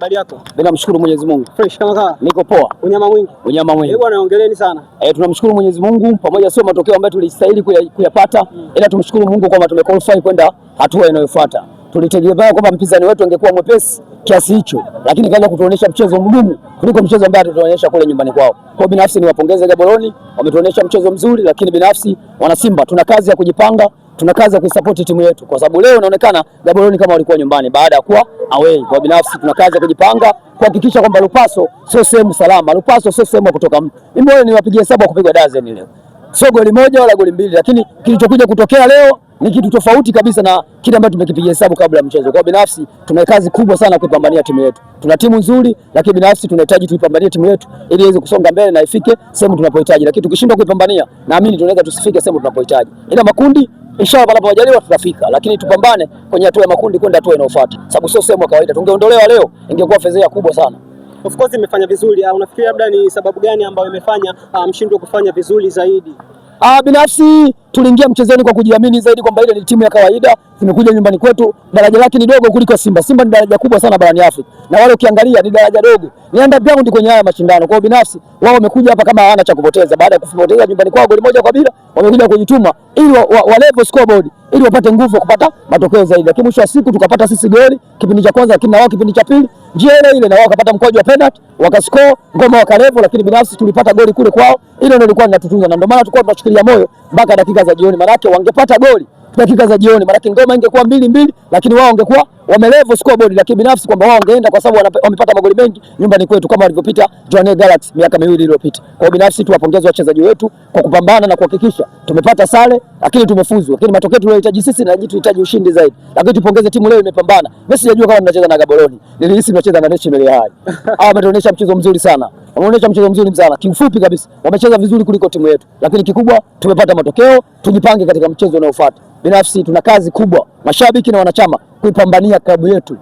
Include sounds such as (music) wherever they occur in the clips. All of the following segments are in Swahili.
Habari yako? Ninamshukuru Mwenyezi Mungu. Fresh kama kawa. Niko poa. Unyama mwingi. Unyama mwingi. Hebu bwana ongeleni sana. Eh, tunamshukuru Mwenyezi Mungu pamoja, sio matokeo ambayo tulistahili kuyapata hmm, ila tumshukuru Mungu kwamba tumequalify kwenda hatua inayofuata. Tulitegemea kwamba mpinzani wetu angekuwa mwepesi kiasi hicho, lakini kaanza kutuonesha mchezo mgumu kuliko mchezo ambao tulionyesha kule nyumbani kwao. Kwa binafsi niwapongeze Gaboroni, wametuonesha mchezo mzuri, lakini binafsi wana Simba tuna kazi ya kujipanga tuna kazi ya kuisapoti timu yetu, kwa sababu leo inaonekana Gaboroni kama walikuwa nyumbani baada ya kuwa away. Kwa binafsi, tuna kazi ya kujipanga kuhakikisha kwamba Lupaso sio sehemu salama, Lupaso sio sehemu ya kutoka mtu. Niwapigie hesabu ya kupigwa dozen leo, sio goli moja wala goli mbili, lakini kilichokuja kutokea leo ni kitu tofauti kabisa na kile ambacho tumekipiga hesabu kabla ya mchezo. Kwa binafsi, tuna kazi kubwa sana kuipambania timu yetu. Tuna timu nzuri, lakini binafsi tunahitaji tuipambanie timu yetu ili iweze kusonga mbele na ifike sehemu tunapohitaji, lakini tukishindwa kuipambania, naamini tunaweza tusifike sehemu tunapohitaji, ila makundi inshallah, panapo majaliwa tutafika, lakini tupambane kwenye hatua ya makundi kwenda hatua inayofuata, sababu sio sehemu ya kawaida. Tungeondolewa leo ingekuwa fedheha kubwa sana. Of course imefanya vizuri. Ah, Unafikiri labda ni sababu gani ambayo imefanya ah, mshindwe kufanya vizuri zaidi? Ah, binafsi tuliingia mchezoni kwa kujiamini zaidi kwamba ile ni timu ya kawaida, imekuja nyumbani kwetu, daraja lake ni dogo kuliko Simba. Simba ni daraja kubwa sana barani Afrika, na wale ukiangalia ni daraja dogo, ni underground kwenye haya mashindano. Kwa binafsi wao wamekuja hapa kama hawana cha kupoteza, baada ya kupoteza nyumbani kwao goli moja kwa bila, wamekuja kujituma ili wa, wa, wa level scoreboard ili wapate nguvu ya kupata matokeo zaidi, lakini mwisho wa siku tukapata sisi goli kipindi cha kwanza, lakini na wao kipindi cha pili njia ile ile, na wao wakapata mkwaju wa penalty wakascore ngoma wakarevo, lakini binafsi tulipata goli kule kwao. Ile ndio ilikuwa inatutunza, na ndio maana tulikuwa tunashikilia moyo mpaka dakika za jioni, maanake wangepata goli dakika za jioni, maanake ngoma ingekuwa mbili mbili, lakini wao wangekuwa wamelevo scoreboard, lakini binafsi kwamba wao wangeenda kwa sababu wamepata magoli mengi nyumbani kwetu kama walivyopita Jwaneng Galaxy miaka miwili iliyopita. Kwa binafsi tuwapongeze wachezaji wetu kwa kupambana na kuhakikisha tumepata sare, lakini tumefuzu, lakini matokeo tunayohitaji sisi na jitu tunahitaji ushindi zaidi, lakini tupongeze timu leo imepambana. Mimi sijajua kama tunacheza na Gaboroni, nilihisi tunacheza na National High. (laughs) Hawa wametuonyesha mchezo mzuri sana, wameonyesha mchezo mzuri sana, kiufupi kabisa wamecheza vizuri kuliko timu yetu, lakini kikubwa tumepata matokeo. Tujipange katika mchezo unaofuata. Binafsi tuna kazi kubwa, mashabiki na wanachama kuipambania klabu yetu.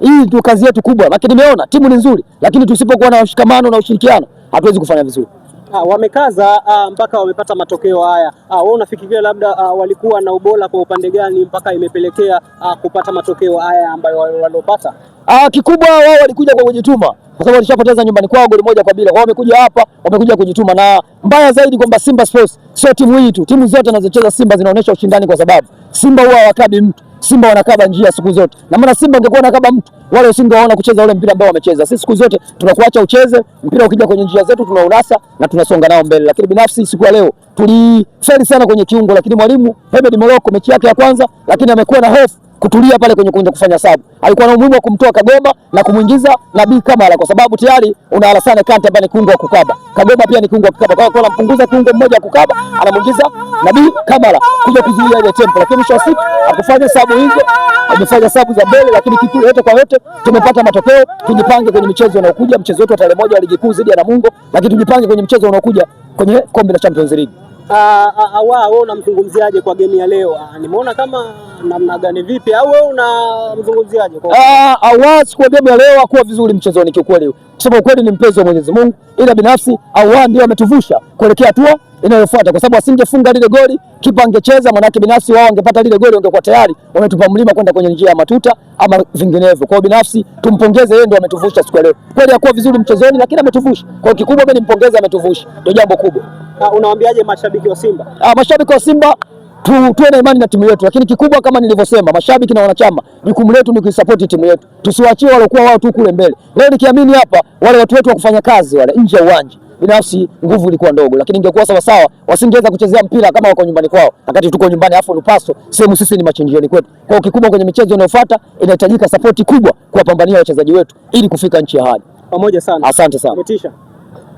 Hii ndio kazi yetu kubwa, lakini nimeona timu ni nzuri, lakini tusipokuwa na ushikamano na ushirikiano hatuwezi kufanya vizuri. Ha, ah, wamekaza ha, ah, mpaka wamepata matokeo haya. Ah, wewe unafikiria labda ha, walikuwa na ubora kwa upande gani mpaka imepelekea ha, kupata matokeo haya ambayo walopata? Ah, kikubwa wao walikuja kwa kujituma kwa sababu walishapoteza nyumbani kwao goli moja kwa bila. Kwao wamekuja hapa, wamekuja kujituma na mbaya zaidi kwamba Simba Sports sio timu hii tu. Timu zote zinazocheza Simba zinaonyesha ushindani kwa sababu Simba huwa hawakabi mtu. Simba wanakaba njia siku zote. Na maana Simba ungekuwa anakaba mtu, wale usingewaona kucheza ule mpira ambao wamecheza. Sisi siku zote tunakuacha ucheze, mpira ukija kwenye njia zetu tunaunasa na tunasonga nao mbele. Lakini binafsi siku ya leo tulifeli sana kwenye kiungo, lakini mwalimu Hemed Moroko mechi yake ya kwanza, lakini amekuwa na hofu kutulia pale kwenye kuja kufanya sabu. Alikuwa na umuhimu wa kumtoa Kagoma na kumuingiza Nabii Kamara kwa sababu tayari una Alassane Kante ambaye ni kiungo wa kukaba. Kagoma pia ni kiungo wa kukaba. Kwa hiyo anampunguza kiungo mmoja wa kukaba, anamuingiza Nabii Kamara kuja kuzuia ile tempo. Lakini mwisho wa siku akufanya sabu hizo, amefanya sabu za mbele lakini kitu yote kwa yote tumepata matokeo. Tujipange kwenye michezo inayokuja, mchezo wetu wa tarehe moja wa ligi kuu dhidi ya Namungo, lakini tujipange kwenye mchezo unaokuja kwenye kombe la Champions League. Ah, ah, ah, wewe unamzungumziaje kwa game ya leo? Nimeona kama namna gani, vipi? Au wewe unamzungumziaje kwa Awas kwa game ya leo? Hakuwa vizuri mchezoni kiukweli, kusema ukweli, ni mpenzi wa Mwenyezi Mungu, ila binafsi Awas ndio ametuvusha kuelekea hatua inayofuata, kwa sababu asingefunga lile goli, kipa angecheza, manake binafsi wao angepata lile goli, ungekuwa tayari wametupa mlima kwenda kwenye njia ya matuta ama vinginevyo. Kwa binafsi tumpongeze yeye, ndio ametuvusha siku leo. Kweli hakuwa vizuri mchezoni, lakini ametuvusha. Kwa kikubwa mimi nimpongeze, ametuvusha, ndio jambo kubwa. Ah, unawaambiaje mashabiki wa Simba? Ah, mashabiki wa Simba tu, tuwe na imani na timu yetu, lakini kikubwa kama nilivyosema, mashabiki na wanachama, jukumu letu ni kuisapoti timu yetu, tusiwaachie walokuwa wao tu kule mbele. Leo nikiamini hapa wale watu wetu wa kufanya kazi wale nje ya uwanja binafsi nguvu ilikuwa ndogo, lakini ingekuwa sawa sawa wasingeweza kuchezea mpira kama wako nyumbani kwao, wakati tuko nyumbani afu lupaso sehemu sisi ni machinjioni kwetu. Kwa kikubwa kwenye michezo inayofuata inahitajika sapoti kubwa kuwapambania wachezaji wetu ili kufika nchi ya hadi. Pamoja sana, asante sana, umetisha.